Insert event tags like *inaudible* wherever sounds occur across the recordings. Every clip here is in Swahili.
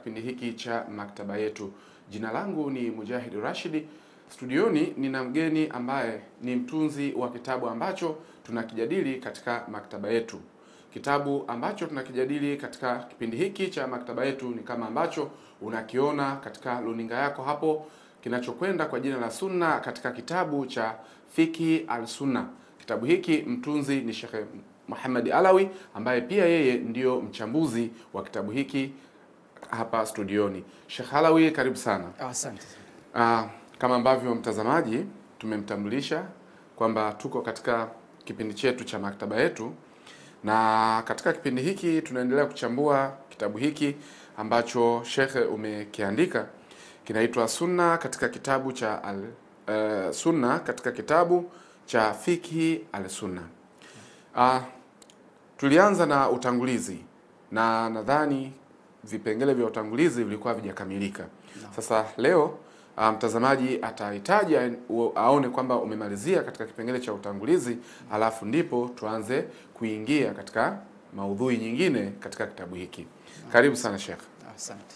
kipindi hiki cha maktaba yetu. Jina langu ni Mujahid Rashidi. Studioni nina mgeni ambaye ni mtunzi wa kitabu ambacho tunakijadili katika maktaba yetu. Kitabu ambacho tunakijadili katika kipindi hiki cha maktaba yetu ni kama ambacho unakiona katika luninga yako hapo kinachokwenda kwa jina la Sunna katika kitabu cha Fiki al-Sunna. Kitabu hiki mtunzi ni Sheikh Muhammad Alawi ambaye pia yeye ndiyo mchambuzi wa kitabu hiki hapa studioni. Sheikh Halawi, karibu sana. Ah, asante. Ah, kama ambavyo mtazamaji tumemtambulisha kwamba tuko katika kipindi chetu cha maktaba yetu, na katika kipindi hiki tunaendelea kuchambua kitabu hiki ambacho Sheikh umekiandika kinaitwa Sunna katika kitabu cha al, uh, Sunna katika kitabu cha Fikhi al-Sunna. Ah, tulianza na utangulizi na nadhani vipengele vya utangulizi vilikuwa havijakamilika. No. Sasa leo ah, mtazamaji um, atahitaji aone kwamba umemalizia katika kipengele cha utangulizi, alafu ndipo tuanze kuingia katika maudhui nyingine katika kitabu hiki. Karibu sana Sheikh. Asante.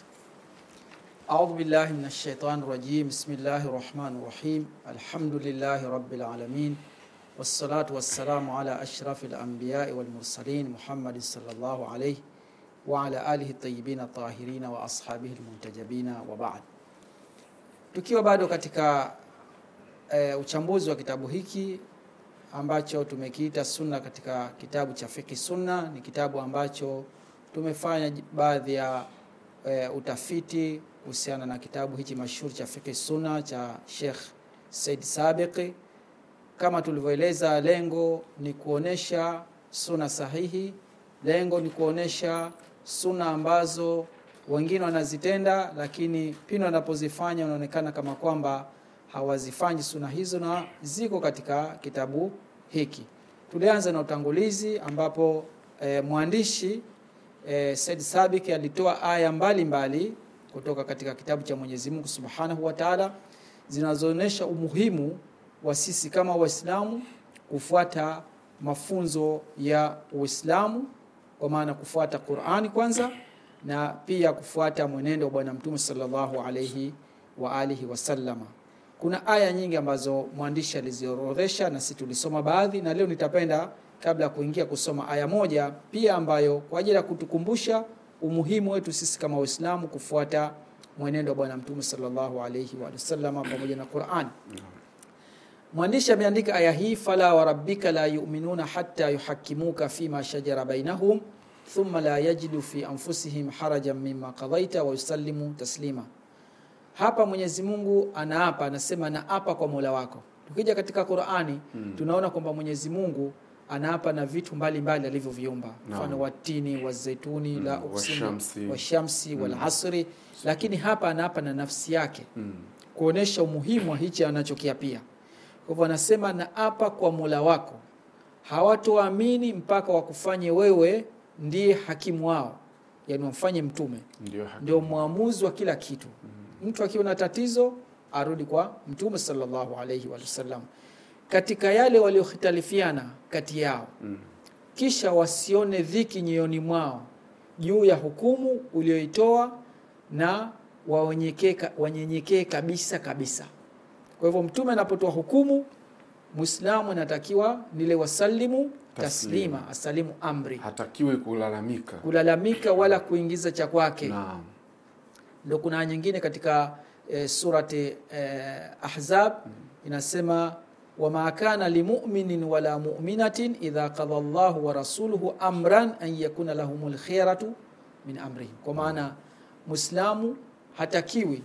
A'udhu billahi minash shaitani rajim. Bismillahir rahmanir rahim. Alhamdulillahi rabbil alamin. Wassalatu wassalamu ala ashrafil anbiya'i wal mursalin Muhammadin sallallahu alayhi wa alihi tayyibina tahirina wa ashabihi almuntajabina wa ba'd. Tukiwa bado katika e, uchambuzi wa kitabu hiki ambacho tumekiita Sunna katika kitabu cha Fiqh Sunna, ni kitabu ambacho tumefanya baadhi ya e, utafiti kuhusiana na kitabu hichi mashuhuri cha Fiqh Sunna cha Sheikh Said Sabiqi. Kama tulivyoeleza, lengo ni kuonesha sunna sahihi, lengo ni kuonesha suna ambazo wengine wanazitenda, lakini pindi wanapozifanya wanaonekana kama kwamba hawazifanyi suna hizo, na ziko katika kitabu hiki. Tulianza na utangulizi ambapo e, mwandishi e, Said Sabiki alitoa aya mbalimbali mbali kutoka katika kitabu cha Mwenyezi Mungu Subhanahu wa Ta'ala zinazoonyesha umuhimu wa sisi kama Waislamu kufuata mafunzo ya Uislamu kwa maana kufuata Qur'ani kwanza na pia kufuata mwenendo wa Bwana Mtume sallallahu alayhi wa alihi wasallama. Kuna aya nyingi ambazo mwandishi aliziorodhesha na sisi tulisoma baadhi, na leo nitapenda kabla ya kuingia kusoma aya moja pia ambayo kwa ajili ya kutukumbusha umuhimu wetu sisi kama Waislamu kufuata mwenendo wa Bwana Mtume sallallahu alayhi wa sallama pamoja na Qur'an. Mwandishi ameandika aya hii, fala wa rabbika la yu'minuna hatta yuhakimuka fima shajara bainahum thumma la yajidu fi anfusihim harajan mimma qadaita wa yusallimu taslima. Hapa Mwenyezi Mungu anaapa, anasema naapa kwa Mola wako. Tukija katika Qur'ani hmm. tunaona kwamba Mwenyezi Mungu anaapa na vitu mbalimbali alivyoviumba mbali, mfano no. watini, wazeituni hmm, la uksimu washamsi walasri hmm. mm. lakini hapa anaapa na nafsi yake hmm, kuonesha umuhimu wa hichi anachokiapia. Kwa hivyo anasema naapa kwa Mola wako hawatoamini mpaka wakufanye wewe ndiye hakimu wao, yani wamfanye mtume ndio mwamuzi wa kila kitu. Mm. Mtu akiwa na tatizo arudi kwa mtume sallallahu alaihi wasallam katika yale waliokhitalifiana kati yao. Mm. Kisha wasione dhiki nyoyoni mwao juu ya hukumu ulioitoa na wanyenyekee kabisa kabisa. Kwa hivyo mtume anapotoa hukumu, mwislamu anatakiwa nile wasalimu taslima, Asalimu amri, hatakiwi kulalamika, kulalamika wala kuingiza cha kwake. ndio kuna nyingine katika e, surati e, Ahzab hmm. inasema wama kana limuminin wala muminatin idha qada llahu wa rasuluhu amran an yakuna lahumul khairatu min amrihim, kwa maana mwislamu hatakiwi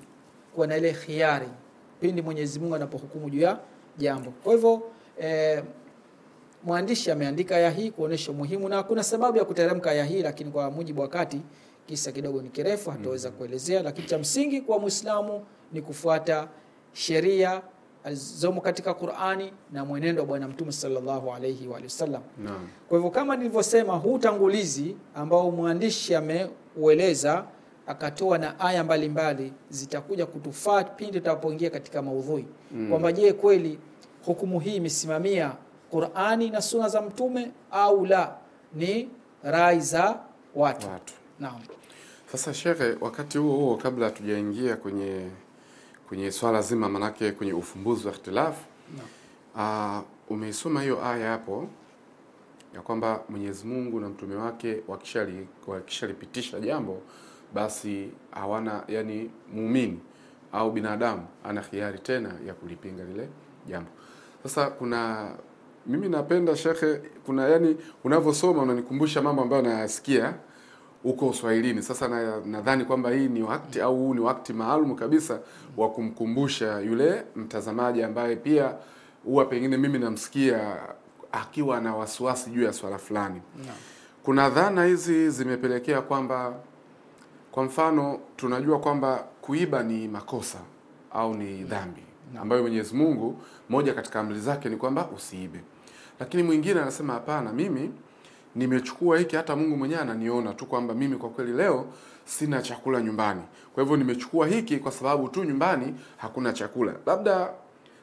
kuwa na ile khiari pindi Mwenyezi Mungu anapohukumu juu ya jambo. Kwa hivyo eh, mwandishi ameandika aya hii kuonesha umuhimu na kuna sababu ya kuteremka aya hii, lakini kwa mujibu wakati kisa kidogo ni kirefu, hataweza mm-hmm. kuelezea, lakini cha msingi kwa Muislamu ni kufuata sheria alizomo katika Qur'ani na mwenendo wa Bwana Mtume sallallahu alayhi wa sallam. Kwa hivyo kama nilivyosema, huu utangulizi ambao mwandishi ameueleza akatoa na aya mbalimbali zitakuja kutufaa pindi tutapoingia katika maudhui mm. kwamba je, kweli hukumu hii imesimamia qurani na suna za mtume au la ni rai za watu, watu. Naam. Sasa shekhe, wakati huo huo kabla hatujaingia kwenye kwenye swala zima manake kwenye ufumbuzi wa ikhtilafu no. uh, ah, umeisoma hiyo aya hapo ya kwamba Mwenyezi Mungu na mtume wake wakishalipitisha jambo basi hawana yani, muumini au binadamu ana khiari tena ya kulipinga lile jambo. Sasa kuna mimi napenda shekhe, kuna yani unavyosoma unanikumbusha mambo ambayo nayasikia huko Uswahilini. Sasa nadhani na kwamba hii ni wakati au huu ni wakati maalum kabisa wa kumkumbusha yule mtazamaji ambaye pia huwa pengine mimi namsikia akiwa na wasiwasi juu ya swala fulani no. Kuna dhana hizi zimepelekea kwamba, kwa mfano tunajua kwamba kuiba ni makosa au ni dhambi ambayo Mwenyezi Mungu moja katika amri zake ni kwamba usiibe. Lakini mwingine anasema hapana, mimi nimechukua hiki, hata Mungu mwenyewe ananiona tu kwamba mimi kwa kweli leo sina chakula nyumbani, kwa hivyo nimechukua hiki kwa sababu tu nyumbani hakuna chakula. Labda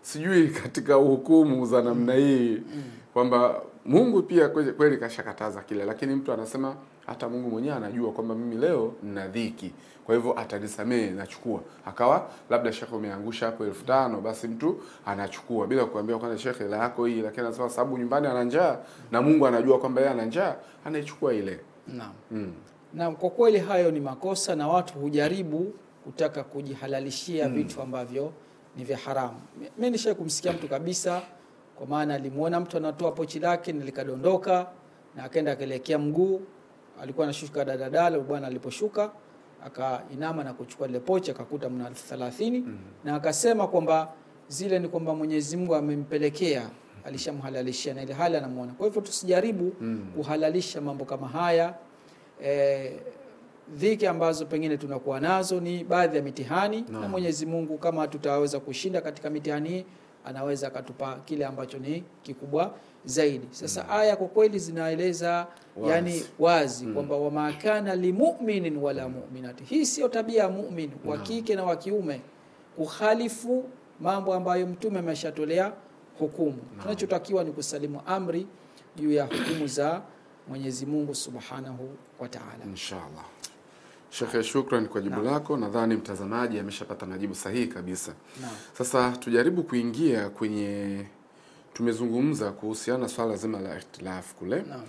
sijui *laughs* katika hukumu za namna hii mm. kwamba Mungu pia kweli kashakataza kile, lakini mtu anasema hata Mungu mwenyewe anajua kwamba mimi leo nina dhiki, kwa hivyo atanisamehe, nachukua. Akawa labda shekhe, umeangusha hapo elfu tano basi mtu anachukua bila kuambia kwanza shekhe, hela yako hii, lakini anasema sababu nyumbani ana njaa na Mungu anajua kwamba yeye ana njaa, anaichukua ile. Naam. Mm. Na kwa kweli hayo ni makosa na watu hujaribu kutaka kujihalalishia mm. vitu ambavyo ni vya haramu. Mimi nishakumsikia mtu kabisa kwa maana alimwona mtu anatoa pochi lake nilikadondoka, na akaenda akaelekea mguu, alikuwa anashuka dadadala bwana. Aliposhuka akainama na kuchukua ile pochi, akakuta mna elfu thelathini mm -hmm. na akasema kwamba zile ni kwamba Mwenyezi Mungu amempelekea alishamhalalishia na ile hali anamuona. Kwa hivyo tusijaribu mm. kuhalalisha mambo kama haya. E, dhiki ambazo pengine tunakuwa nazo ni baadhi ya mitihani no. na Mwenyezi Mungu, kama tutaweza kushinda katika mitihani hii anaweza akatupa kile ambacho ni kikubwa zaidi. Sasa mm. aya kwa kweli zinaeleza wazi, yani wazi mm. kwamba wamakana limuminin wala muminati, hii sio tabia ya mumin wa kike na wa kiume kuhalifu mambo ambayo mtume ameshatolea hukumu. Tunachotakiwa ni kusalimu amri juu ya hukumu za Mwenyezi Mungu Subhanahu wa Ta'ala, inshallah. Shekhe, shukrani kwa jibu lako. Nadhani mtazamaji ameshapata majibu sahihi kabisa na. Sasa tujaribu kuingia kwenye, tumezungumza kuhusiana na swala zima la ikhtilafu kule na.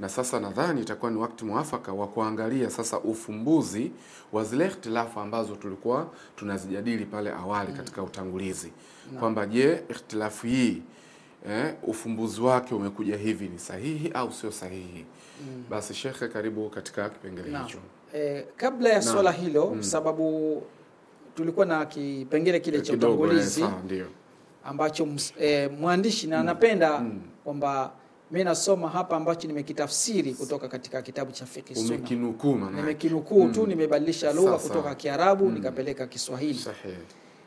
Na sasa nadhani itakuwa ni wakati mwafaka wa kuangalia sasa ufumbuzi wa zile ikhtilafu ambazo tulikuwa tunazijadili pale awali mm. katika utangulizi kwamba je, ikhtilafu hii eh, ufumbuzi wake umekuja hivi ni sahihi au sio sahihi? mm. Basi shekhe, karibu katika kipengele hicho no. Eh, kabla ya swala hilo mm. sababu tulikuwa na kipengele kile cha eh, utangulizi ambacho eh, mwandishi na mm. anapenda mm. kwamba mimi nasoma hapa ambacho nimekitafsiri kutoka katika kitabu cha fiqh sunna. Nimekinukuu mm. tu, nimebadilisha lugha kutoka Kiarabu mm. nikapeleka Kiswahili. Sahihi.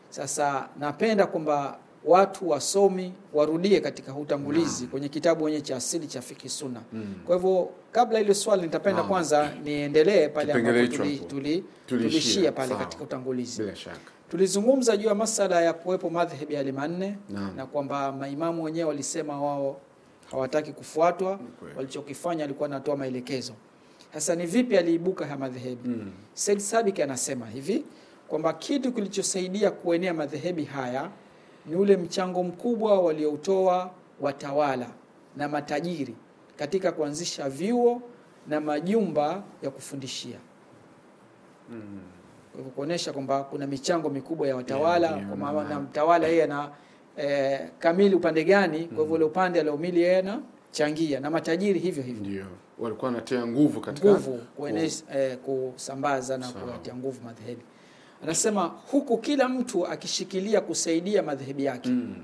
Sasa napenda kwamba watu wasomi warudie katika utangulizi no. kwenye kitabu wenye cha asili cha fiki suna mm. Kwa hivyo kabla ile swali nitapenda no. kwanza niendelee pale ambapo tulishia tuli, tuli tuli pale katika utangulizi bila shaka tulizungumza juu ya masala ya kuwepo madhehebu ya manne no. na kwamba maimamu wenyewe walisema wao hawataki kufuatwa, walichokifanya alikuwa anatoa maelekezo. Sasa ni vipi aliibuka ya madhehebu mm. Said Sabik anasema hivi kwamba kitu kilichosaidia kuenea madhehebi haya ni ule mchango mkubwa walioutoa watawala na matajiri katika kuanzisha vyuo na majumba ya kufundishia mm. kuonyesha kwamba kuna michango mikubwa ya watawala yeah, yeah, kwa na mtawala yeye ana eh, kamili upande gani kwa hivyo mm. ule upande alioumili yeye anachangia na matajiri hivyo hivyo ndio walikuwa wanatia nguvu katika nguvu kueneza, eh, kusambaza na kuatia kuwatia nguvu madhehebu anasema huku kila mtu akishikilia kusaidia madhehebu yake mm.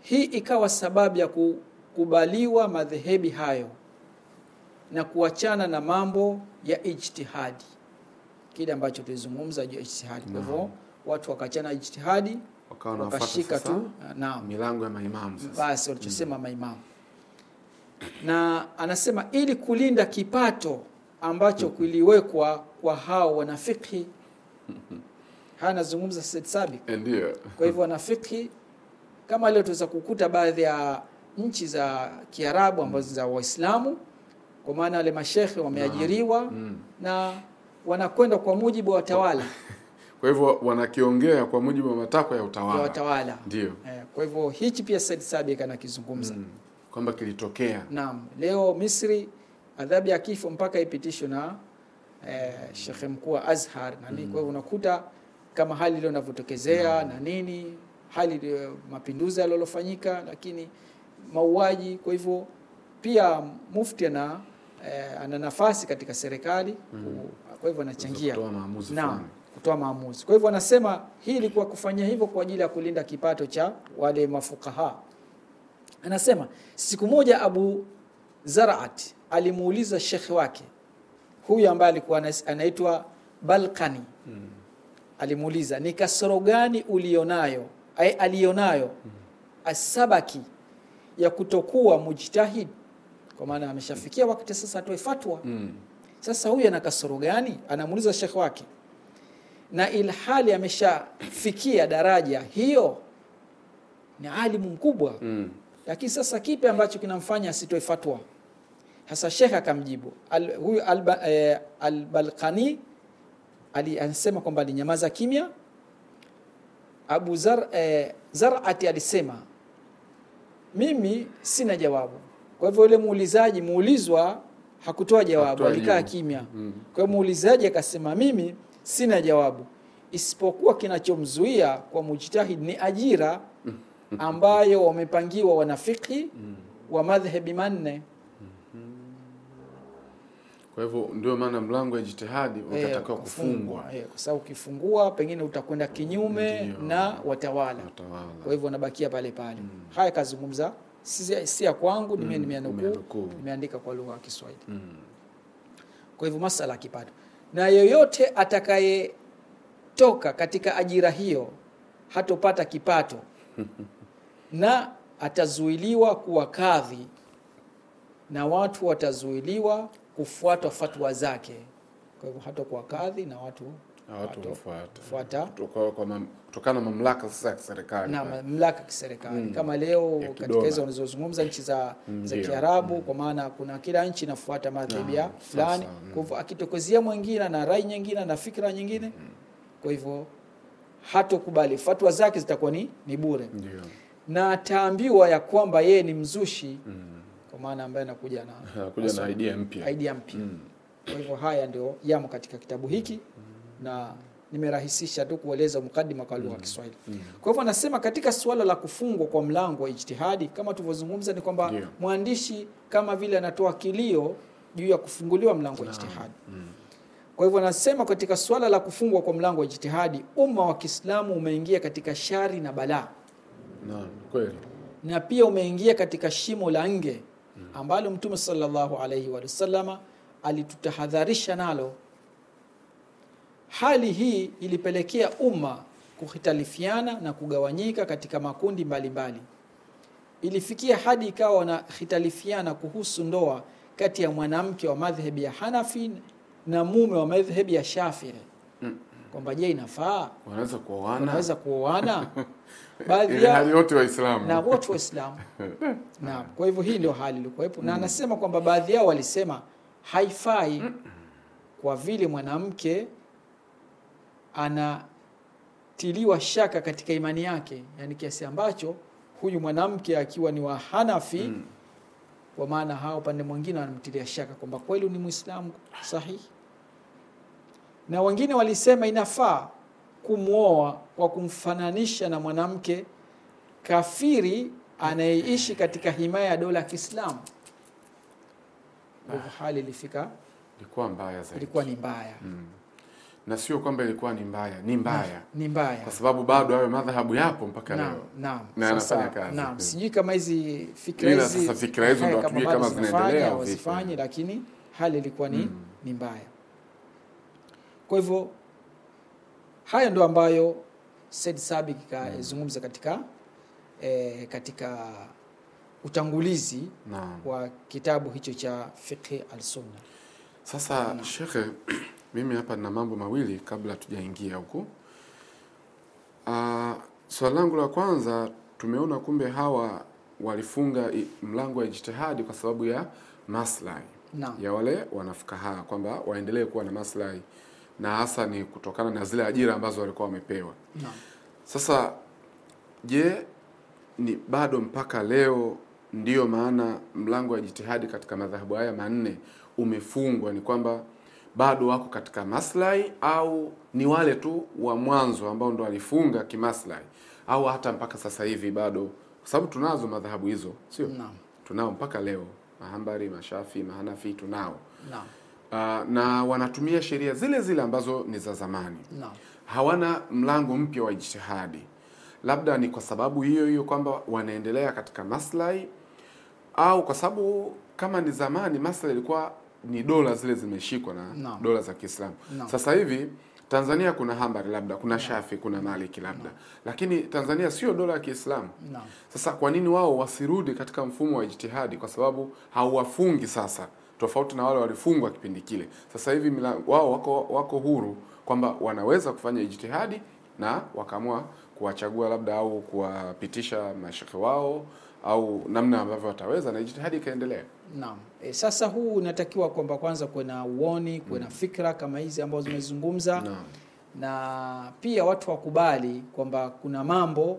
Hii ikawa sababu ya kukubaliwa madhehebi hayo na kuachana na mambo ya ijtihadi, kile ambacho tulizungumza juu ya ijtihadi. Kwa hivyo watu wakaachana ijtihadi, wakashika tu eh, na milango ya maimamu sasa, basi walichosema mm. maimamu. Na anasema ili kulinda kipato ambacho mm. kiliwekwa kwa hao wanafikhi *laughs* haya nazungumza Said Sabi. Eh, ndio. Kwa hivyo fikhi kama leo tuweza kukuta baadhi ya nchi za Kiarabu ambazo za Waislamu kwa maana wale mashekhe wameajiriwa na, mm. mm. na wanakwenda kwa mujibu wa watawala *laughs* kwa hivyo wanakiongea kwa mujibu wa matakwa ya utawala, ya utawala. Ndio. Eh, kwa hivyo hichi pia Said Sabiq anakizungumza mm. kwamba kilitokea. Naam, leo Misri adhabu ya kifo mpaka ipitishwe na eh, shekhe mkuu wa Azhar na mm. Kwa unakuta kama hali ile inavyotokezea mm. na nini hali mapinduzi yalolofanyika, lakini mauaji. Kwa hivyo pia mufti ana eh, ana nafasi katika serikali mm. Kwa hivyo anachangia na kutoa maamuzi. Kwa hivyo anasema hii ilikuwa kufanya hivyo kwa ajili ya kulinda kipato cha wale mafukaha. Anasema siku moja Abu Zaraat alimuuliza shekhe wake huyu ambaye alikuwa anaitwa Balkani mm. alimuuliza ni kasoro gani ulionayo ay, alionayo mm. asabaki ya kutokuwa mujtahid, kwa maana ameshafikia wakati sasa atoe fatwa mm. Sasa huyu ana kasoro gani? Anamuuliza shekhe wake, na ilhali ameshafikia daraja hiyo, ni alimu mkubwa mm. Lakini sasa kipi ambacho kinamfanya asitoe fatwa? Hasa shekhe akamjibu huyu eh, Albalkani ali anasema kwamba alinyamaza kimya. Abu Zar, eh, Zarati alisema mimi sina jawabu. Kwa hivyo yule muulizaji muulizwa hakutoa jawabu, alikaa kimya. Mm. Kwa hiyo muulizaji akasema mimi sina jawabu, isipokuwa kinachomzuia kwa mujtahid ni ajira mm. ambayo wamepangiwa wanafiki mm. wa madhhabi manne. Kwa hivyo ndio maana mlango wa jitihadi eh, utatakiwa kufungwa, eh, kwa sababu ukifungua pengine utakwenda kinyume ndiyo, na watawala, watawala. Kwa hivyo anabakia pale pale mm. Haya kazungumza si, si ya kwangu mm. Nimeanukuu, nimeandika kwa lugha ya Kiswahili mm. Kwa hivyo masala ya kipato, na yoyote atakayetoka katika ajira hiyo hatopata kipato *laughs* na atazuiliwa kuwa kadhi na watu watazuiliwa kufuata fatwa zake. Kwa hivyo hata kwa kadhi na watu fuata kutokana na mamlaka sasa ya kiserikali na mamlaka ya kiserikali mm. Kama leo katika hizo unazozungumza nchi za, mm. za Kiarabu mm. Kwa maana kuna kila nchi inafuata madhhabia ah, fulani mm. Kwa hivyo akitokezea mwingine na rai nyingine na fikra nyingine mm. Kwa hivyo hatokubali, fatwa zake zitakuwa ni, ni bure Ndiyo. na ataambiwa ya kwamba yeye ni mzushi mm maana ambaye anakuja na kuja na idea mpya idea mpya mm. Kwa hivyo haya ndio yamo katika kitabu hiki mm. na nimerahisisha tu kueleza mukadima kwa lugha ya hmm. Kiswahili. Mm. Kwa hivyo anasema katika suala la kufungwa kwa mlango wa ijtihadi kama tulivyozungumza ni kwamba yeah. mwandishi kama vile anatoa kilio juu ya kufunguliwa mlango wa ijtihadi. Mm. Kwa hivyo anasema katika suala la kufungwa kwa mlango wa ijtihadi umma wa Kiislamu umeingia katika shari na balaa. Naam, kweli. Na pia umeingia katika shimo la nge ambalo Mtume sallallahu alaihi wasalama alitutahadharisha nalo. Hali hii ilipelekea umma kuhitalifiana na kugawanyika katika makundi mbalimbali mbali. Ilifikia hadi ikawa wanahitalifiana kuhusu ndoa kati ya mwanamke wa madhhebi ya Hanafi na mume wa madhhebi ya shafiri kwamba je, inafaa wanaweza kuoana, wanaweza kuoana *laughs* baadhi ya wote Waislamu na wote Waislamu *laughs* na kwa hivyo hii ndio hali ilikuwepo na mm. anasema kwamba baadhi yao walisema haifai mm. kwa vile mwanamke anatiliwa shaka katika imani yake, yani kiasi ambacho huyu mwanamke akiwa ni wa Hanafi mm. kwa maana hao upande mwingine wanamtilia shaka kwamba kweli ni Muislamu sahihi na wengine walisema inafaa kumwoa kwa kumfananisha na mwanamke kafiri anayeishi katika himaya ya dola ya Kiislamu. Ah, hali ilifika ilikuwa mbaya zaidi, ilikuwa ni mbaya mm. na sio kwamba ilikuwa ni mbaya, ni mbaya, ni mbaya kwa sababu bado hayo madhahabu yapo mpaka leo. na, Naam, kazi naam, mm. sijui kama hizi fikra hizi sasa, fikra hizo eh, ndio kama zinaendelea au zifanye, lakini hali ilikuwa ni mm. ni mbaya. Kwa hivyo haya ndio ambayo Said Sabik kazungumza mm. katika, e, katika utangulizi na wa kitabu hicho cha Fiqh al-Sunna. Sasa mm. shekhe, *clears throat* mimi hapa nina mambo mawili kabla tujaingia huku ah, Swali langu la kwanza, tumeona kumbe hawa walifunga mlango wa ijtihadi kwa sababu ya maslahi ya wale wanafukaha, kwamba waendelee kuwa na maslahi na hasa ni kutokana na zile ajira ambazo walikuwa wamepewa no. Sasa je, ni bado mpaka leo? Ndiyo maana mlango wa jitihadi katika madhahabu haya manne umefungwa, ni kwamba bado wako katika maslahi, au ni wale tu wa mwanzo ambao ndo walifunga kimaslahi, au hata mpaka sasa hivi bado? Kwa sababu tunazo madhahabu hizo, sio? Naam, tunao mpaka leo, Mahambari, Mashafi, Mahanafi tunao. Naam uh, na wanatumia sheria zile zile ambazo ni za zamani no. Hawana mlango mpya wa ijtihadi, labda ni kwa sababu hiyo hiyo kwamba wanaendelea katika maslahi, au kwa sababu kama ni zamani maslahi ilikuwa ni dola zile zimeshikwa na no. dola za Kiislamu no. Sasa hivi Tanzania kuna Hambari labda kuna Shafi kuna Maliki labda no. Lakini Tanzania sio dola ya Kiislamu no. Sasa kwa nini wao wasirudi katika mfumo wa ijtihadi? Kwa sababu hauwafungi sasa tofauti na wale walifungwa kipindi kile. Sasa hivi wao wako, wako huru kwamba wanaweza kufanya ijtihadi na wakaamua kuwachagua labda au kuwapitisha mashekhe wao au namna ambavyo wataweza na ijtihadi ikaendelea. Naam. E, sasa huu unatakiwa kwamba kwanza kuwe na uoni, kuwe na mm. fikra kama hizi ambazo zimezungumza na pia watu wakubali kwamba kuna mambo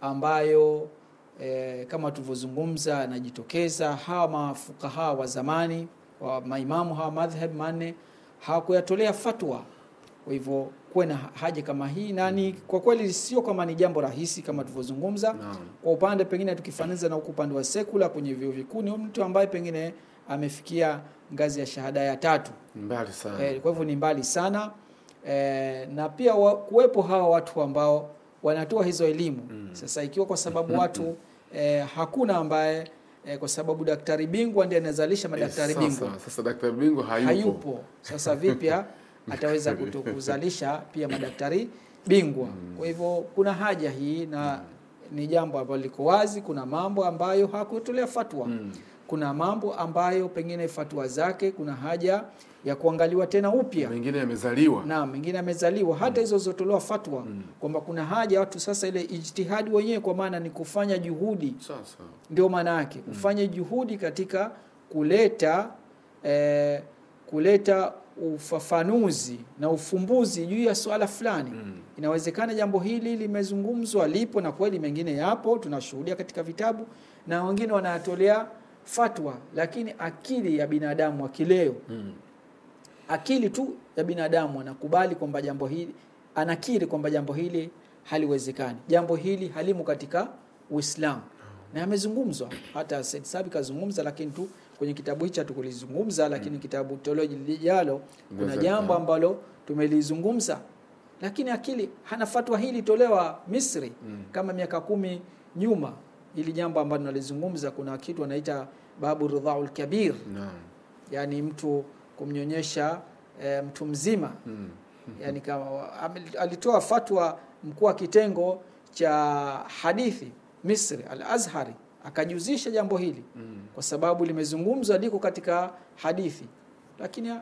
ambayo e, kama tulivyozungumza anajitokeza. Hawa mafukaha wa zamani wa maimamu hawa madhhab manne hawakuyatolea fatwa, kwa hivyo kuwe na haja kama hii nani, mm. kwa kweli sio kama ni jambo rahisi kama tulivyozungumza. Kwa upande pengine tukifaniza na huko upande wa sekula kwenye vyuo vikuu, ni mtu ambaye pengine amefikia ngazi ya shahada ya tatu, mbali sana e, kwa hivyo ni mbali sana e, na pia wa, kuwepo hawa watu ambao wanatoa hizo elimu mm. Sasa ikiwa kwa sababu watu *laughs* eh, hakuna ambaye eh, kwa sababu daktari bingwa ndiye anazalisha madaktari eh, bingwa. Sasa daktari bingwa hayupo, hayupo. Sasa vipya *laughs* ataweza kutokuzalisha pia madaktari bingwa mm. Kwa hivyo kuna haja hii na mm. ni jambo ambalo liko wazi. Kuna mambo ambayo hakutolea fatwa mm. Kuna mambo ambayo pengine fatwa zake kuna haja ya kuangaliwa tena upya, mengine yamezaliwa na mengine yamezaliwa hata mm. hizo mm. zilizotolewa fatwa mm. kwamba kuna haja watu sasa, ile ijtihadi wenyewe kwa maana ni kufanya juhudi sasa, ndio maana yake mm. kufanya juhudi katika kuleta eh, kuleta ufafanuzi na ufumbuzi juu ya swala fulani mm. Inawezekana jambo hili limezungumzwa, lipo na kweli, mengine yapo, tunashuhudia katika vitabu na wengine wanayatolea fatwa, lakini akili ya binadamu akileo mm akili tu ya binadamu anakubali kwamba jambo hili anakiri kwamba jambo hili haliwezekani jambo hili halimu katika Uislamu na amezungumzwa hata Said Sabi kazungumza lakini tu kwenye kitabu hicho tukulizungumza lakini hmm. kitabu teoloji lijalo kuna jambo ambalo tumelizungumza lakini akili hana fatwa hili tolewa Misri mm. kama miaka kumi nyuma ili jambo ambalo nalizungumza, kuna kitu anaita babu ridhaul kabir no. yani mtu kumnyonyesha e, mtu mzima mm. Yani kama alitoa fatwa mkuu wa kitengo cha hadithi Misri Al-Azhari akajuzisha jambo hili mm. kwa sababu limezungumzwa liko katika hadithi, lakini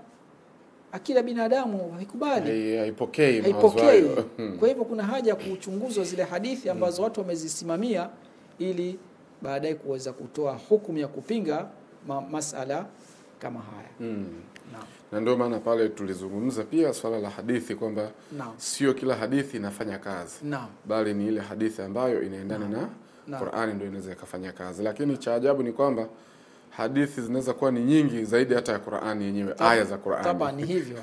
akila binadamu haikubali, haipokei, haipokei. *laughs* Hmm. Kwa hivyo kuna haja ya kuchunguzwa zile hadithi ambazo hmm. watu wamezisimamia ili baadaye kuweza kutoa hukumu ya kupinga ma masala kama haya mm na ndio maana pale tulizungumza pia swala la hadithi kwamba sio kila hadithi inafanya kazi na, bali ni ile hadithi ambayo inaendana na, na Qur'ani ndio inaweza ikafanya kazi, lakini cha ajabu ni kwamba hadithi zinaweza kuwa ni nyingi zaidi hata ya Qur'ani yenyewe, aya za Qur'ani. Taba ni hivyo,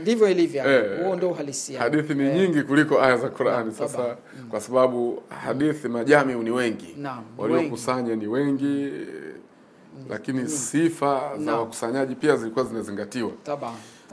ndivyo ilivyo, *laughs* eh. huo ndio uhalisia. Hadithi ni eh. nyingi kuliko aya za Qur'ani. Sasa mm. kwa sababu hadithi majamiu ni wengi, waliokusanya ni wengi lakini mm. sifa na. za wakusanyaji pia zilikuwa zinazingatiwa.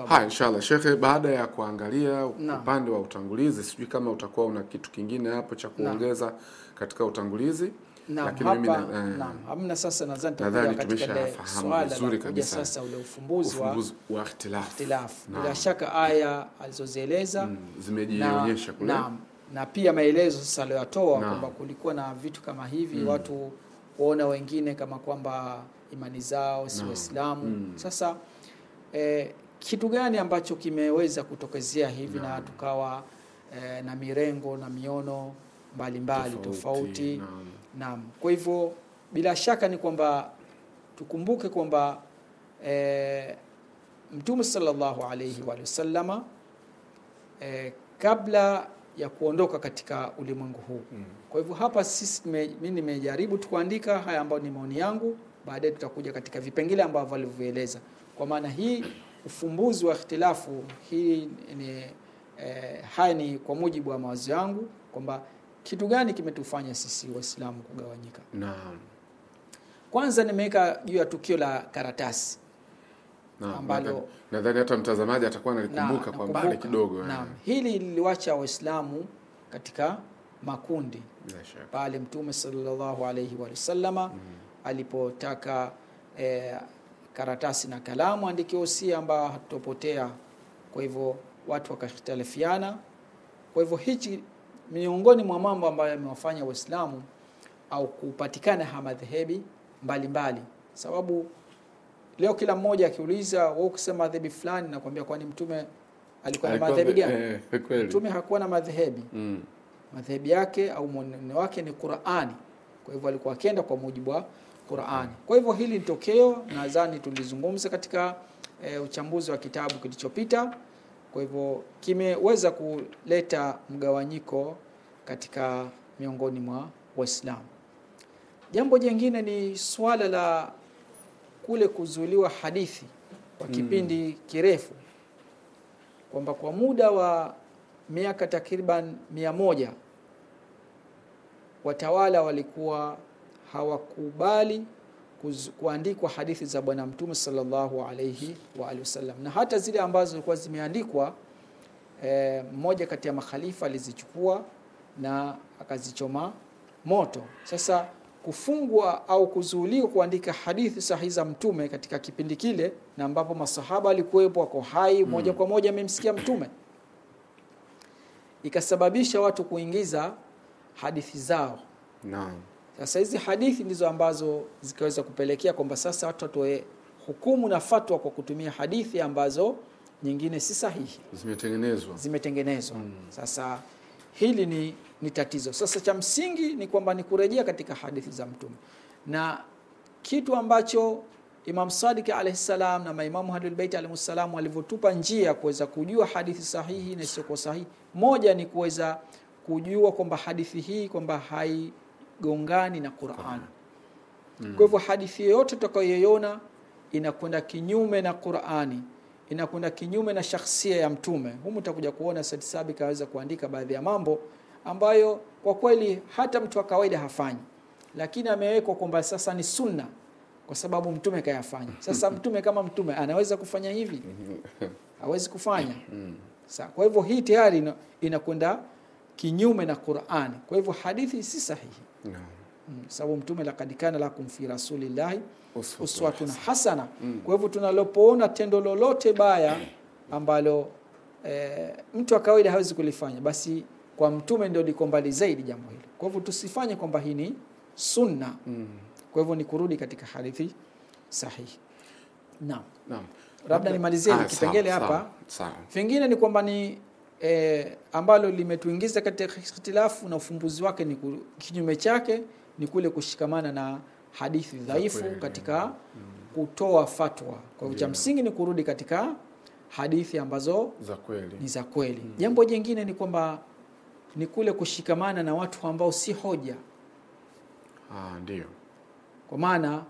Ha, inshallah shekhe, baada ya kuangalia na. upande wa utangulizi, sijui kama utakuwa una kitu kingine hapo cha kuongeza katika utangulizi. Eh, naam, hamna. Sasa nadhani tutakuja katika ile swala vizuri kabisa sasa, ule ufumbuzi wa wa ikhtilaf. Bila shaka aya alizozieleza mm, zimejionyesha kule. Naam, na pia maelezo sasa aliyotoa kwamba kulikuwa na vitu kama hivi mm. watu kuona wengine kama kwamba imani zao si Waislamu no. mm. Sasa eh, kitu gani ambacho kimeweza kutokezea hivi no. na tukawa eh, na mirengo na miono mbalimbali mbali, tofauti naam na, kwa hivyo bila shaka ni kwamba tukumbuke kwamba eh, Mtume sallallahu alayhi wa sallama eh, kabla ya kuondoka katika ulimwengu huu mm. Kwa hivyo hapa sisi mimi nimejaribu tu kuandika haya ambayo ni maoni yangu, baadaye tutakuja katika vipengele ambavyo alivyoeleza. Kwa maana hii ufumbuzi wa ikhtilafu hii ni eh, haya ni kwa mujibu wa mawazo yangu kwamba kitu gani kimetufanya sisi Waislamu kugawanyika. Naam. Kwanza nimeweka juu ya tukio la karatasi ambalo nadhani hata mtazamaji atakuwa analikumbuka kwa mbali kidogo. Eh. Naam, hili liliwacha Waislamu katika makundi pale Mtume sallallahu alaihi wasallama mm. alipotaka e, karatasi na kalamu andike wosia ambao hatutopotea. Kwa hivyo watu wakakhtalifiana. Kwa hivyo hichi miongoni mwa mambo ambayo yamewafanya Waislamu au kupatikana madhehebi mbalimbali, sababu Leo kila mmoja akiuliza wewe ukisema madhehebu fulani, nakwambia kwani mtume alikuwa na madhehebu gani? Eh, eh mtume hakuwa na madhehebu mm. madhehebu yake au mwenendo wake ni Qur'ani, kwa hivyo alikuwa akienda kwa mujibu wa Qur'ani. Kwa hivyo hili ni tokeo, nadhani tulizungumza katika e, uchambuzi wa kitabu kilichopita. Kwa hivyo kimeweza kuleta mgawanyiko katika miongoni mwa Waislamu. Jambo jingine ni swala la kule kuzuiliwa hadithi kwa mm. kipindi mm. kirefu kwamba kwa muda wa miaka takriban mia moja watawala walikuwa hawakubali kuandikwa hadithi za Bwana Mtume sallallahu alaihi wa alihi wasallam, na hata zile ambazo zilikuwa zimeandikwa eh, mmoja e, kati ya makhalifa alizichukua na akazichoma moto. Sasa kufungwa au kuzuuliwa kuandika hadithi sahihi za mtume katika kipindi kile, na ambapo masahaba alikuwepo ako hai mm. moja kwa moja amemsikia mtume, ikasababisha watu kuingiza hadithi zao naam. Sasa hizi hadithi ndizo ambazo zikaweza kupelekea kwamba sasa watu watoe hukumu na fatwa kwa kutumia hadithi ambazo nyingine si sahihi, zimetengenezwa zimetengenezwa mm. Sasa hili ni ni tatizo. Sasa cha msingi ni kwamba ni kurejea katika hadithi za Mtume na kitu ambacho Imam Sadiq alayhi salam na maimamu Ahlul Bait alayhi salam walivyotupa njia ya kuweza kujua hadithi sahihi na isiyokuwa sahihi, moja ni kuweza kujua kwamba hadithi hii kwamba haigongani na Qur'an. Mm. Kwa hivyo hadithi yoyote tutakayoiona inakwenda kinyume na Qur'ani, inakwenda kinyume na shakhsia ya Mtume, humu utakuja kuona Said Sabiq aweza kuandika baadhi ya mambo ambayo kwa kweli hata mtu wa kawaida hafanyi, lakini amewekwa kwamba sasa ni sunna kwa sababu mtume kayafanya. Sasa *laughs* mtume kama mtume anaweza kufanya hivi? *laughs* Hawezi kufanya. Mm. Sa, kwa hivyo hii tayari inakwenda kinyume na Qur'an. Kwa hivyo hadithi si sahihi no. Mm, sababu mtume lakad kana lakum fi rasulillahi uswatun hasana mm. Kwa hivyo tunalopoona tendo lolote baya ambalo eh, mtu wa kawaida hawezi kulifanya basi kwa mtume ndio liko mbali zaidi jambo hili. Kwa hivyo tusifanye kwamba hii ni sunna mm. Kwa hivyo ni kurudi katika hadithi sahihi. Naam, naam, labda nimalizie ah, kipengele hapa. Vingine ni kwamba ni e, ambalo limetuingiza katika ikhtilafu na ufumbuzi wake ni kinyume chake ni kule kushikamana na hadithi dhaifu katika mm. kutoa fatwa. Kwa hivyo cha msingi ni kurudi katika hadithi ambazo za kweli ni za kweli. Mm. Jambo mm. jingine ni kwamba ni kule kushikamana na watu ambao si hoja. Ah, ndio. Kwa maana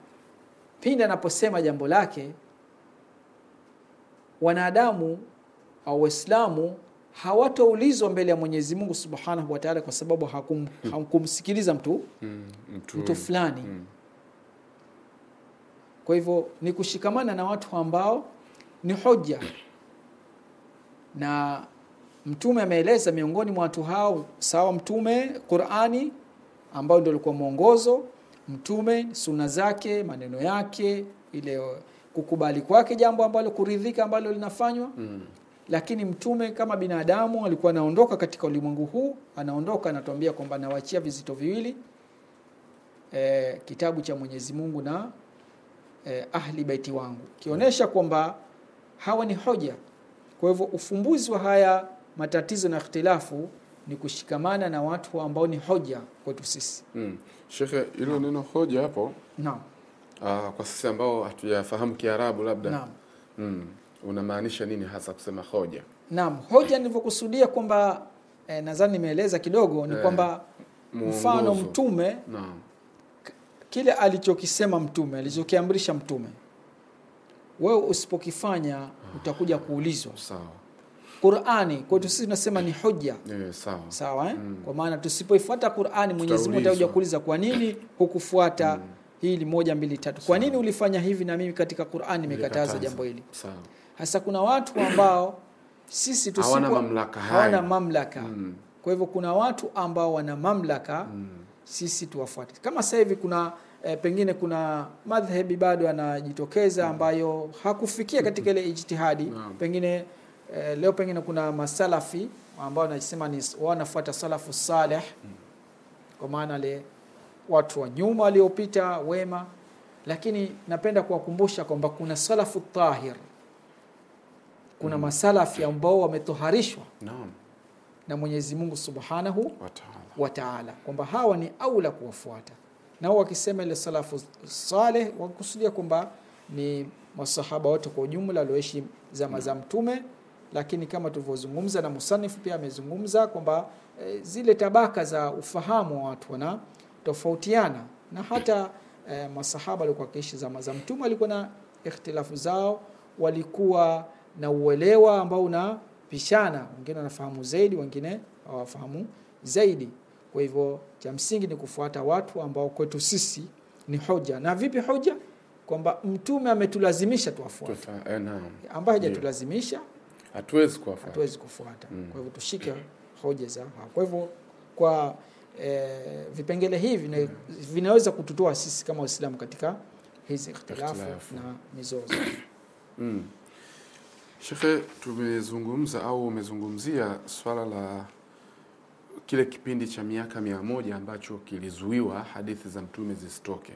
pindi anaposema jambo lake wanadamu au Waislamu hawataulizwa mbele ya Mwenyezi Mungu Subhanahu wa Ta'ala, kwa sababu hakum, *laughs* hakumsikiliza mtu, mm, mtu mtu fulani mm. Kwa hivyo ni kushikamana na watu ambao ni hoja na Mtume ameeleza miongoni mwa watu hao, sawa, mtume Qur'ani ambayo ndio alikuwa mwongozo, mtume suna zake, maneno yake, ile kukubali kwake jambo ambalo kuridhika ambalo linafanywa mm. Lakini mtume kama binadamu alikuwa anaondoka katika ulimwengu huu, anaondoka anatuambia kwamba anawachia vizito viwili e, kitabu cha Mwenyezi Mungu na e, ahli baiti wangu, kionyesha kwamba hawa ni hoja. Kwa hivyo ufumbuzi wa haya matatizo na ikhtilafu ni kushikamana na watu ambao ni hoja kwetu sisi. Mm. Shekhe, hilo neno hoja hapo naam. Ah, kwa sisi ambao hatujafahamu Kiarabu labda naam. Mm. Unamaanisha nini hasa kusema hoja? Naam, hoja nilivyokusudia kwamba eh, nadhani nimeeleza kidogo ni eh, kwamba mfano mtume naam. Kile alichokisema mtume alichokiamrisha mtume, wewe usipokifanya ah. utakuja kuulizwa. Sawa. Qur'ani kwetu sisi tunasema ni hoja. Yeah, sawa. Sawa eh? Mm. Kwa maana tusipoifuata Qur'ani Mwenyezi Mungu atakuja kuuliza kwa nini hukufuata mm. hili moja mbili tatu. Kwa nini ulifanya hivi na mimi katika Qur'ani imekataza jambo hili? Hasa kuna watu ambao sisi tusipo hawana mamlaka. Hawana mamlaka. Mm. Kwa hivyo kuna watu ambao wana mamlaka mm. sisi tuwafuate. Kama sasa hivi kuna e, pengine kuna madhehebi bado anajitokeza mm. ambayo hakufikia katika ile ijtihadi no. pengine eh, leo pengine kuna masalafi ambao wanasema ni wanafuata salafu saleh kwa maana le watu wa nyuma waliopita wema, lakini napenda kuwakumbusha kwamba kuna salafu tahir, kuna mm. masalafi ambao wametoharishwa no. na Mwenyezi Mungu Subhanahu wa Ta'ala, kwamba hawa ni aula kuwafuata, nao wakisema ile salafu saleh wakusudia kwamba ni masahaba wote kwa ujumla walioishi zama za Mtume mm lakini kama tulivyozungumza na musanifu pia amezungumza kwamba e, zile tabaka za ufahamu wa watu wana tofautiana na hata e, masahaba walikuwa wakiishi zama za mtume walikuwa na ikhtilafu zao, walikuwa na uelewa ambao unapishana, wengine wanafahamu zaidi, wengine hawafahamu zaidi. Kwa hivyo cha msingi ni kufuata watu ambao kwetu sisi ni hoja. Na vipi hoja? Kwamba mtume ametulazimisha tuwafuate, eh, ambaye hajatulazimisha hatuwezi kuwafuata, hatuwezi kufuata. Mm. Kwa hivyo tushike hoja za hapa. Kwa hivyo kwa e, vipengele hivi mm. vinaweza kututoa sisi kama Waislamu katika hizi ikhtilafu na mizozo mm. Shekhe, tumezungumza au umezungumzia swala la kile kipindi cha miaka mia moja ambacho kilizuiwa hadithi za Mtume zisitoke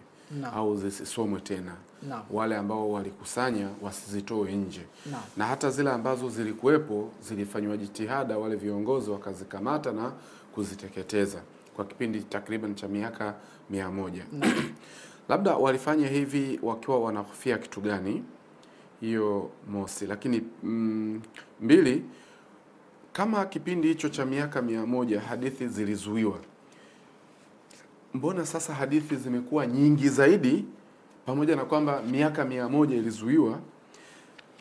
au zisisomwe tena na, wale ambao walikusanya wasizitoe nje na, na hata zile ambazo zilikuwepo zilifanywa jitihada, wale viongozi wakazikamata na kuziteketeza kwa kipindi takriban cha miaka mia moja. *clears throat* Labda walifanya hivi wakiwa wanahofia kitu gani? Hiyo mosi, lakini mm, mbili, kama kipindi hicho cha miaka mia moja hadithi zilizuiwa mbona sasa hadithi zimekuwa nyingi zaidi, pamoja na kwamba miaka mia moja ilizuiwa?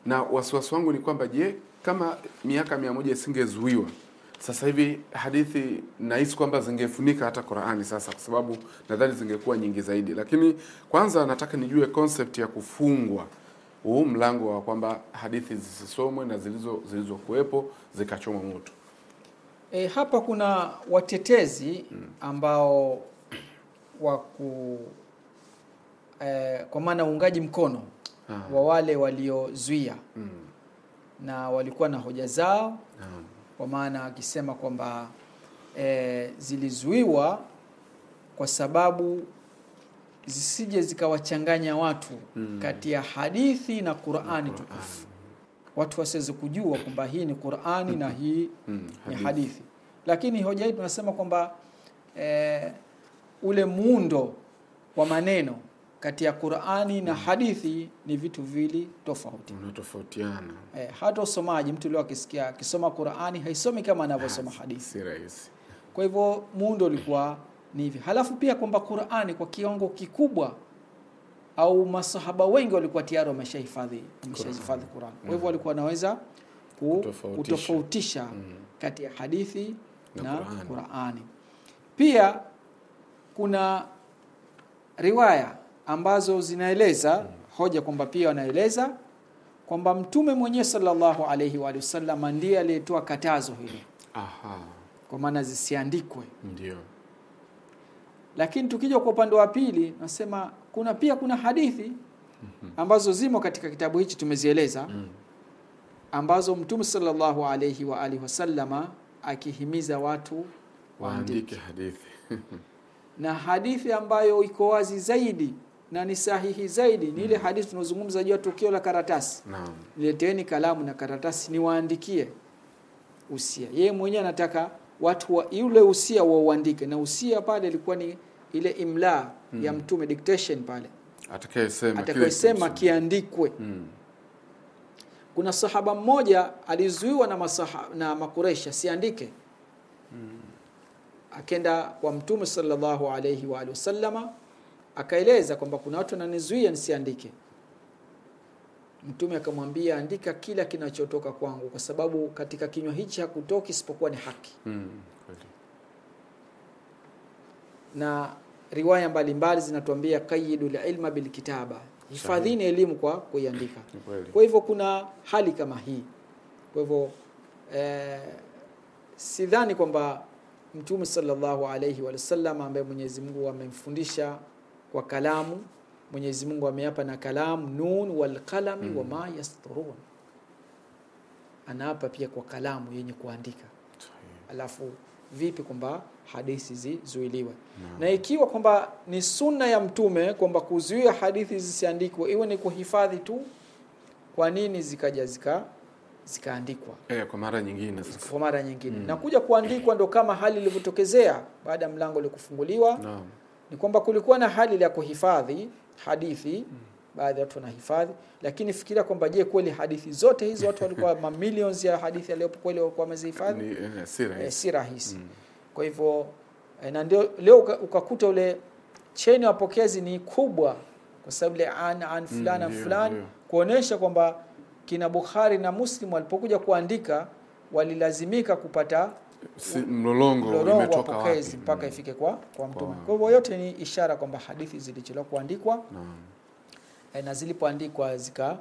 Na wasiwasi wangu ni kwamba je, kama miaka mia moja isingezuiwa sasa hivi hadithi nahisi kwamba zingefunika hata Qur'ani sasa, kwa sababu nadhani zingekuwa nyingi zaidi. Lakini kwanza nataka nijue concept ya kufungwa huu mlango wa kwamba hadithi zisisomwe na zilizo zilizokuwepo zikachomwa moto. E, hapa kuna watetezi hmm. ambao wa ku eh, kwa maana uungaji mkono Aha. wa wale waliozuia mm. na walikuwa na hoja zao Aha. kwa maana akisema kwamba eh, zilizuiwa kwa sababu zisije zikawachanganya watu mm. kati ya hadithi na Qur'ani tukufu watu wasiweze kujua kwamba hii ni Qur'ani mm. na hii mm. hadithi. ni hadithi. Lakini hoja hii tunasema kwamba eh, ule muundo wa maneno kati ya Qur'ani na mm. hadithi ni vitu vili tofauti, tofautiana E, eh, hata usomaji mtu leo akisikia akisoma Qur'ani haisomi kama anavyosoma ah, hadithi, si rahisi. Kwa hivyo muundo ulikuwa ni hivi, halafu pia kwamba Qur'ani kwa kiwango kikubwa au masahaba wengi walikuwa tayari wameshahifadhi wameshahifadhi Qur'ani, kwa hivyo mm. walikuwa wanaweza kutofautisha mm. kati ya hadithi na, na Qur'ani pia kuna riwaya ambazo zinaeleza hoja kwamba pia wanaeleza kwamba mtume mwenyewe sallallahu alaihi wa sallam ndiye aliyetoa katazo hili. Aha. Kwa maana zisiandikwe. Ndio. Lakini tukija kwa upande wa pili, nasema kuna pia kuna hadithi mhm. ambazo zimo katika kitabu hichi tumezieleza, mm. ambazo mtume sallallahu alaihi wa alihi wasallama akihimiza watu waandike hadithi *laughs* na hadithi ambayo iko wazi zaidi na ni sahihi zaidi ni ile mm. hadithi tunazungumza juu ya tukio la karatasi. Naam. Nileteeni kalamu na karatasi niwaandikie usia. Yeye mwenyewe anataka watu wa yule usia wauandike, na usia pale ilikuwa ni ile imla hmm. ya mm. mtume dictation pale, atakayesema atakayesema kiandikwe hmm. Kuna sahaba mmoja alizuiwa na masaha, na Makureshi asiandike akenda kwa Mtume sallallahu alaihi waalihi wasallama, akaeleza kwamba kuna watu wananizuia nisiandike. Mtume akamwambia andika kila kinachotoka kwangu, kwa sababu katika kinywa hichi hakutoki isipokuwa ni haki. Hmm, na riwaya mbalimbali zinatuambia kayidu lilma bilkitaba, hifadhini elimu kwa kuiandika. Kwa hivyo kuna hali kama hii. Kwa hivyo eh, sidhani kwamba Mtume sallallahu alaihi wasallam ambaye Mwenyezi Mungu amemfundisha kwa kalamu. Mwenyezi Mungu ameapa na kalamu, nun wal qalami mm. wama yasturun, anaapa pia kwa kalamu yenye kuandika. Alafu vipi kwamba hadithi zizuiliwe no. na ikiwa kwamba ni sunna ya Mtume kwamba kuzuia hadithi zisiandikwe, iwe ni kuhifadhi tu, kwa nini zikaja zika zikaandikwa e, kwa mara nyingine sasa. Kwa mara nyingine mm. na kuja kuandikwa ndo kama hali ilivyotokezea baada ya mlango ule kufunguliwa no. ni kwamba kulikuwa na hali ya kuhifadhi hadithi mm. baadhi ya watu wanahifadhi, lakini fikiria kwamba je, kweli hadithi zote hizo watu walikuwa *laughs* mamillions ya hadithi yaliyopo kweli walikuwa wamezihifadhi? Eh, si eh, rahisi, si rahisi. Mm. kwa hivyo eh, na ndio leo ukakuta ule chain ya wapokezi ni kubwa kwa sababu ile an an fulana mm, fulani hmm, kuonesha kwamba kina Bukhari na Muslim walipokuja kuandika walilazimika kupata si, mlolongo mlolongo pokezi mpaka mm. ifike kwa, kwa mtume. Kwa hivyo yote ni ishara kwamba hadithi zilichelewa kuandikwa na, eh, na zilipoandikwa zika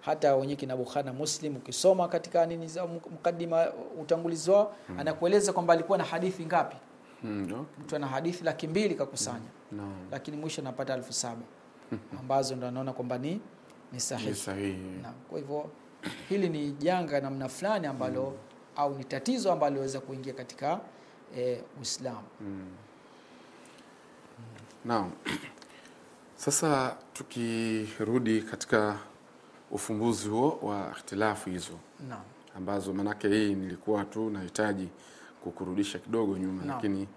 hata wenyewe kina Bukhari na Muslim ukisoma katika nini za mukadima utangulizi wao mm. anakueleza kwamba alikuwa na hadithi ngapi? Mm, no. Mtu ana hadithi laki mbili kakusanya. hmm. No. Lakini mwisho anapata elfu saba *laughs* ambazo ndo anaona kwamba ni ni sahihi, ni sahihi. Na, kwa hivyo hili ni janga namna fulani ambalo mm. au ni tatizo ambalo liweza kuingia katika e, Uislamu mm. Naam. *clears throat* Sasa tukirudi katika ufumbuzi huo wa ikhtilafu hizo naam, ambazo manake hii nilikuwa tu nahitaji kukurudisha kidogo nyuma, lakini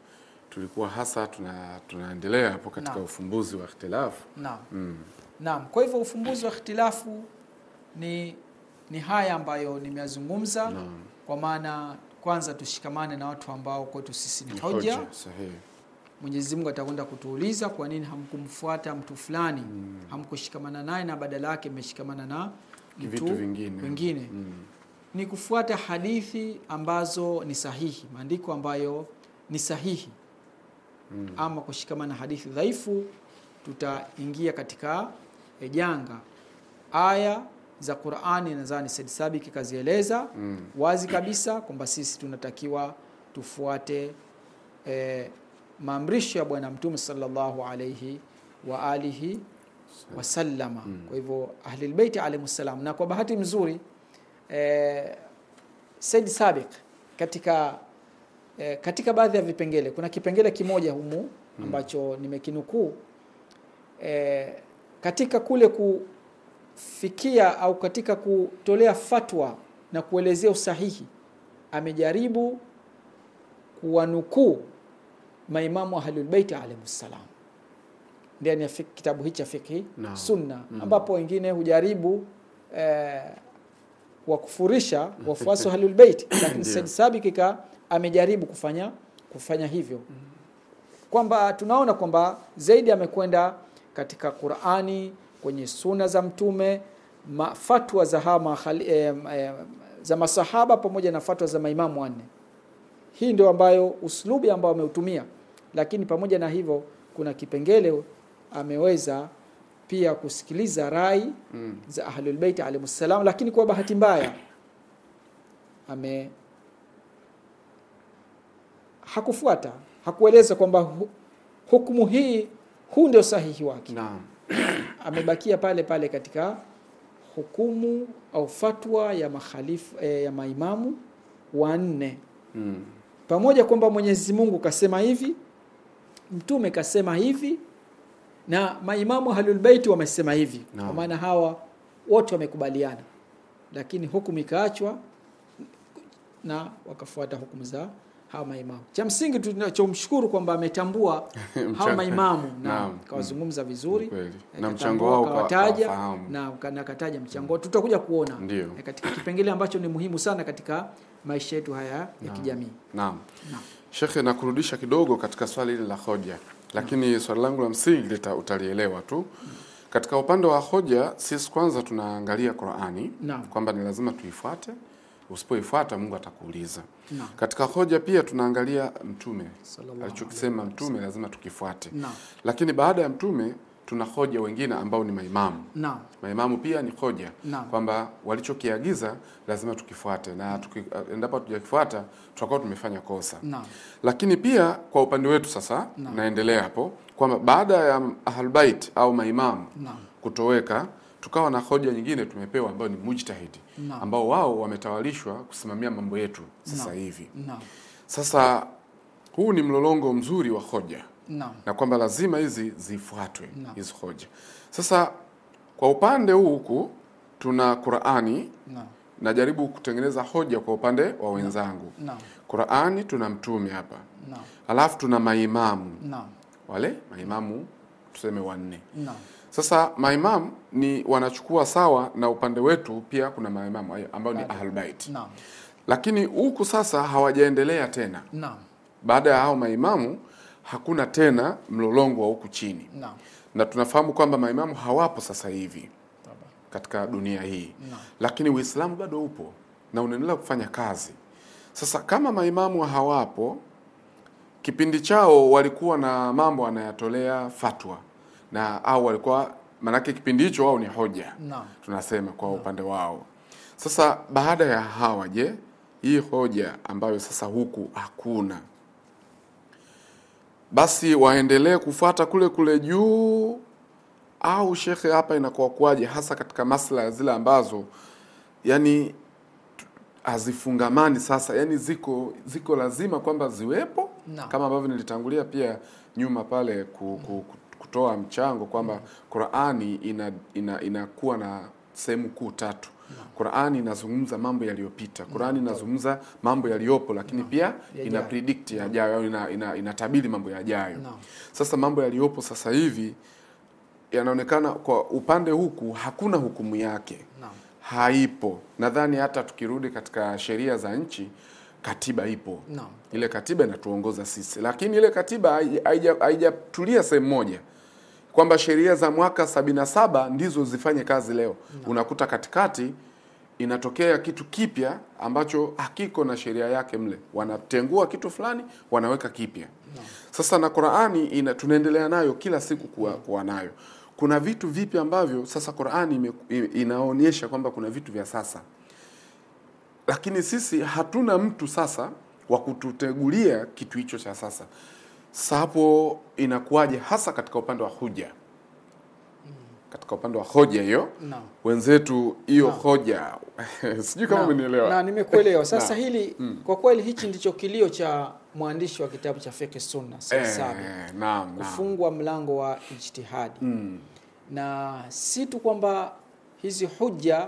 tulikuwa hasa tuna, tunaendelea hapo katika ufumbuzi wa ikhtilafu Naam. Mm. na, Kwa hivyo ufumbuzi wa ikhtilafu ni, ni haya ambayo nimeyazungumza kwa maana kwanza tushikamane na watu ambao kwetu sisi ni hoja. Mwenyezi Mungu atakwenda kutuuliza kwa nini hamkumfuata mtu fulani, mm. hamkushikamana naye na badala yake mmeshikamana na vitu vingine, vingine. Mm. Ni kufuata hadithi ambazo ni sahihi, maandiko ambayo ni sahihi mm. ama kushikamana hadithi dhaifu tutaingia katika e, janga. Aya za Qur'ani nadhani Said Sabiki kazieleza mm. wazi kabisa kwamba sisi tunatakiwa tufuate e, maamrisho ya Bwana Mtume sallallahu alayhi wa alihi wasallama mm. kwa hivyo ahlilbeiti Bait salam. Na kwa bahati mzuri e, Said Sabiq katika e, katika baadhi ya vipengele kuna kipengele kimoja humu ambacho nimekinukuu e, katika kule kufikia au katika kutolea fatwa na kuelezea usahihi amejaribu kuwanukuu maimamu ahlulbeiti alaihimussalam ndani ya kitabu hichi cha fiqhi no. sunna mm. ambapo wengine hujaribu eh, wakufurisha *laughs* wafuasi wa ahlulbeiti lakini Said Sabiki kika amejaribu kufanya kufanya hivyo kwamba tunaona kwamba zaidi amekwenda katika Qur'ani kwenye suna za mtume fatwa za hama, eh, eh, za masahaba pamoja na fatwa za maimamu wanne. Hii ndio ambayo uslubi ambao ameutumia, lakini pamoja na hivyo kuna kipengele ameweza pia kusikiliza rai mm. za Ahlul Bait salam, lakini kwa bahati mbaya ame hakufuata, hakueleza kwamba hukumu hii, huu ndio sahihi wake. Naam. *clears throat* Amebakia pale pale katika hukumu au fatwa ya makhalifu, eh, ya maimamu wanne mm. Pamoja kwamba Mwenyezi Mungu kasema hivi, Mtume kasema hivi na maimamu Ahlul Bait wamesema hivi no. Kwa maana hawa wote wamekubaliana, lakini hukumu ikaachwa na wakafuata hukumu za hawa maimamu. Cha msingi tunachomshukuru kwamba ametambua *laughs* hawa maimamu na mm. kawazungumza vizuri na mchango wao kawataja na akataja mchango wao, tutakuja kuona eh, katika kipengele ambacho ni muhimu sana katika maisha yetu haya ya kijamii. Naam, shekhe, nakurudisha kidogo katika swali hili la hoja, lakini swali langu la msingi utalielewa tu Katika upande wa hoja, sisi kwanza tunaangalia Qur'ani kwamba ni lazima tuifuate usipoifuata Mungu atakuuliza no. Katika hoja pia tunaangalia mtume alichokisema mtume lazima tukifuate no. Lakini baada ya mtume tuna hoja wengine ambao ni maimamu no. Maimamu pia ni hoja no. Kwamba walichokiagiza lazima tukifuate na tuki, uh, endapo hatujakifuata tutakuwa tumefanya kosa no. Lakini pia kwa upande wetu sasa no. Naendelea hapo kwamba baada ya Ahlulbait au maimamu no. kutoweka tukawa na hoja nyingine tumepewa ambayo ni mujtahidi no. ambao wao wametawalishwa kusimamia mambo yetu sasa hivi no. Sasa huu ni mlolongo mzuri wa hoja no. na kwamba lazima hizi zifuatwe no. hizi hoja sasa. Kwa upande huu huku tuna Qur'ani no. najaribu kutengeneza hoja kwa upande wa wenzangu no. no. Qur'ani tuna mtume hapa no. alafu tuna maimamu no. wale maimamu tuseme wanne no. Sasa maimamu ni wanachukua sawa na upande wetu pia kuna maimamu eh, ambao ni Ahlbait. Naam. Lakini huku sasa hawajaendelea tena. Naam. Baada ya hao maimamu hakuna tena mlolongo wa huku chini. Naam. Na tunafahamu kwamba maimamu hawapo sasa hivi katika dunia hii. Naam. Lakini Uislamu bado upo na unaendelea kufanya kazi. Sasa kama maimamu hawapo, kipindi chao walikuwa na mambo anayatolea fatwa na au walikuwa maanake kipindi hicho wao ni hoja no. tunasema kwa no. upande wao. Sasa baada ya hawa, je, hii hoja ambayo sasa huku hakuna, basi waendelee kufuata kule kule juu au shekhe, hapa inakuwa kwaje, hasa katika masuala zile ambazo yani hazifungamani sasa, yani ziko ziko lazima kwamba ziwepo no. kama ambavyo nilitangulia pia nyuma pale ku, ku, ku kutoa mchango kwamba Qurani inakuwa ina, ina na sehemu kuu tatu. Qurani inazungumza mambo yaliyopita, Qurani mm. inazungumza mambo yaliyopo, lakini no. pia ina predict yajayo au ina, ina, inatabiri mambo yajayo no. Sasa mambo yaliyopo sasa hivi yanaonekana kwa upande huku hakuna hukumu yake no. Haipo. Nadhani hata tukirudi katika sheria za nchi katiba ipo no. Ile katiba inatuongoza sisi, lakini ile katiba haijatulia sehemu moja kwamba sheria za mwaka 77 ndizo zifanye kazi leo no. Unakuta katikati inatokea kitu kipya ambacho hakiko na sheria yake mle, wanatengua kitu fulani wanaweka kipya no. Sasa na Qur'ani ina tunaendelea nayo kila siku kuwa, kuwa nayo kuna vitu vipi ambavyo sasa Qur'ani inaonyesha kwamba kuna vitu vya sasa lakini sisi hatuna mtu sasa wa kututegulia kitu hicho cha sasa. Sapo inakuwaje hasa katika upande wa hoja katika upande wa hoja hiyo no. wenzetu hiyo no. hoja *laughs* sijui kama umenielewa. *laughs* Na nimekuelewa sasa no. Hili mm. kwa kweli hichi ndicho kilio cha mwandishi wa kitabu cha Fiqh Sunna Sabi eh, no. kufungwa mlango wa ijtihadi mm. na si tu kwamba hizi hoja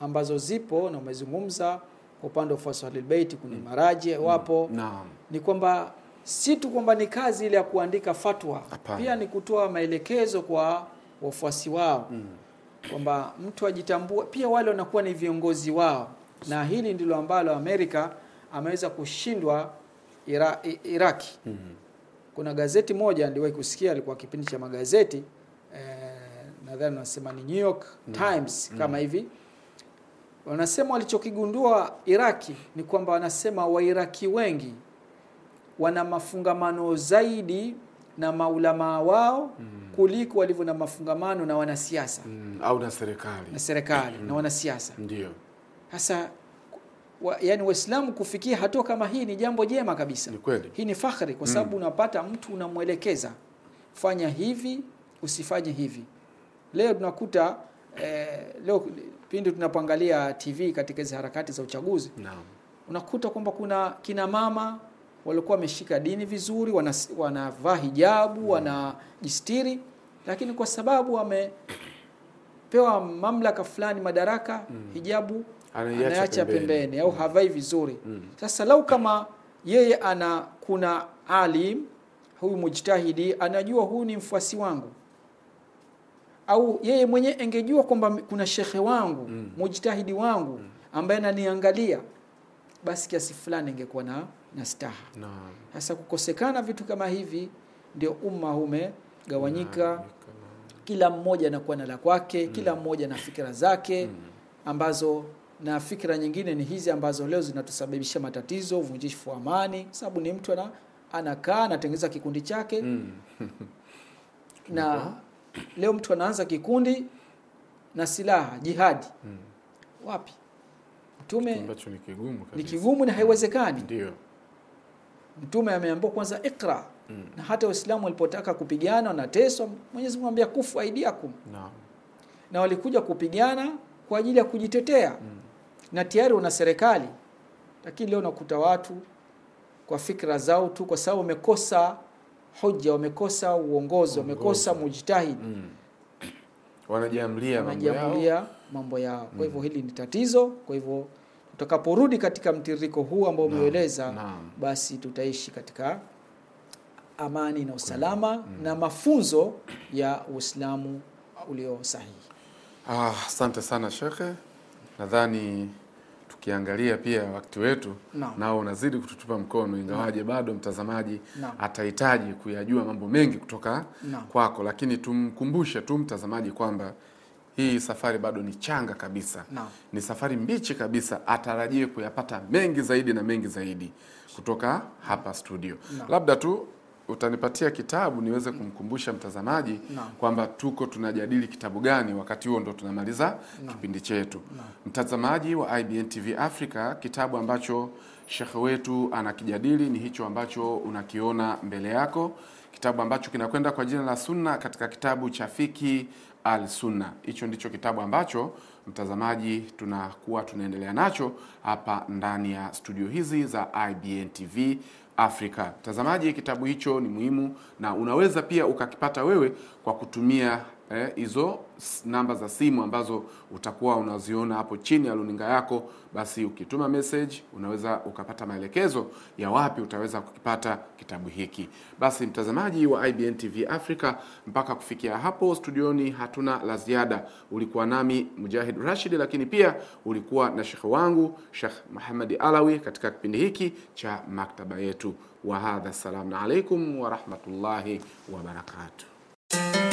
ambazo zipo na umezungumza kwa upande wa ufuasi wa Ahlulbeiti kuna mm. maraji mm. wapo no. ni kwamba si tu kwamba ni kazi ile ya kuandika fatwa Apana. pia ni kutoa maelekezo kwa wafuasi wao mm. kwamba mtu ajitambue, pia wale wanakuwa ni viongozi wao, na hili ndilo ambalo Amerika ameweza kushindwa Ira, Iraki mm -hmm. Kuna gazeti moja ndiwahi kusikia, alikuwa kipindi cha magazeti eh, nadhani ni New York mm. Times mm. kama mm. hivi Wanasema walichokigundua Iraki ni kwamba wanasema Wairaki wengi wana mafungamano zaidi na maulamaa wao mm. kuliko walivyo na mafungamano na wanasiasa mm. au na serikali na serikali mm. na wanasiasa ndio hasa wa, yani Waislamu kufikia hatua kama hii ni jambo jema kabisa. Ni kweli. Hii ni fakhari kwa sababu mm. unapata mtu unamwelekeza fanya hivi, usifanye hivi. Leo tunakuta eh, leo pindi tunapoangalia TV katika hizo harakati za uchaguzi no. unakuta kwamba kuna kina mama walikuwa wameshika dini vizuri, wanavaa wana hijabu wanajistiri, lakini kwa sababu wamepewa mamlaka fulani, madaraka mm. hijabu anaacha pembeni au mm. havai vizuri mm. Sasa lau kama yeye ana kuna alim huyu mujtahidi anajua huyu ni mfuasi wangu, au yeye mwenye angejua kwamba kuna shekhe wangu mm. mujtahidi wangu mm. ambaye ananiangalia basi kiasi fulani ingekuwa na, na staha sasa no. kukosekana vitu kama hivi ndio umma umegawanyika no. kila mmoja anakuwa na la kwake mm. kila mmoja na fikira zake mm. ambazo na fikira nyingine ni hizi ambazo leo zinatusababisha matatizo uvunjifu wa amani sababu ni mtu ana, anakaa anatengeneza kikundi chake mm. *laughs* na Leo mtu anaanza kikundi na silaha jihadi, hmm. Wapi mtume? Ni kigumu, ni kigumu na haiwezekani. Ndio mtume ameambiwa kwanza ikra, hmm. Na hata Waislamu walipotaka kupigana wanateswa, Mwenyezi Mungu kufu aidiakum na. na walikuja kupigana kwa ajili ya kujitetea, hmm. Na tayari una serikali, lakini leo nakuta watu kwa fikra zao tu, kwa sababu wamekosa hoja, wamekosa uongozi wamekosa mujtahid mm. *clears throat* wanajiamlia mambo yao, mambo yao. Mm. Kwa hivyo hili ni tatizo. Kwa hivyo tutakaporudi katika mtiririko huu ambao umeueleza basi tutaishi katika amani na usalama mm. mm. na mafunzo ya Uislamu ulio sahihi. Ah, asante ah, sana shekhe, nadhani tukiangalia pia wakati wetu no. nao unazidi kututupa mkono ingawaje no. bado mtazamaji no. atahitaji kuyajua mambo mengi kutoka no. kwako, lakini tumkumbushe tu mtazamaji kwamba hii safari bado ni changa kabisa no. ni safari mbichi kabisa, atarajie kuyapata mengi zaidi na mengi zaidi kutoka hapa studio no. labda tu utanipatia kitabu niweze kumkumbusha mtazamaji no. kwamba tuko tunajadili kitabu gani, wakati huo ndo tunamaliza no. kipindi chetu no. Mtazamaji wa IBN TV Africa, kitabu ambacho shekhe wetu anakijadili ni hicho ambacho unakiona mbele yako, kitabu ambacho kinakwenda kwa jina la Sunna katika kitabu cha Fiki al Sunna. Hicho ndicho kitabu ambacho mtazamaji tunakuwa tunaendelea nacho hapa ndani ya studio hizi za IBN TV Afrika. Mtazamaji, kitabu hicho ni muhimu na unaweza pia ukakipata wewe kwa kutumia Eh, hizo eh, namba za simu ambazo utakuwa unaziona hapo chini ya runinga yako. Basi ukituma message unaweza ukapata maelekezo ya wapi utaweza kukipata kitabu hiki. Basi mtazamaji wa IBN TV Africa, mpaka kufikia hapo studioni hatuna la ziada. Ulikuwa nami Mujahid Rashid, lakini pia ulikuwa na shekhe wangu Sheikh Muhammad Alawi katika kipindi hiki cha maktaba yetu. Wa hadha, assalamu alaikum wa rahmatullahi wa barakatuh.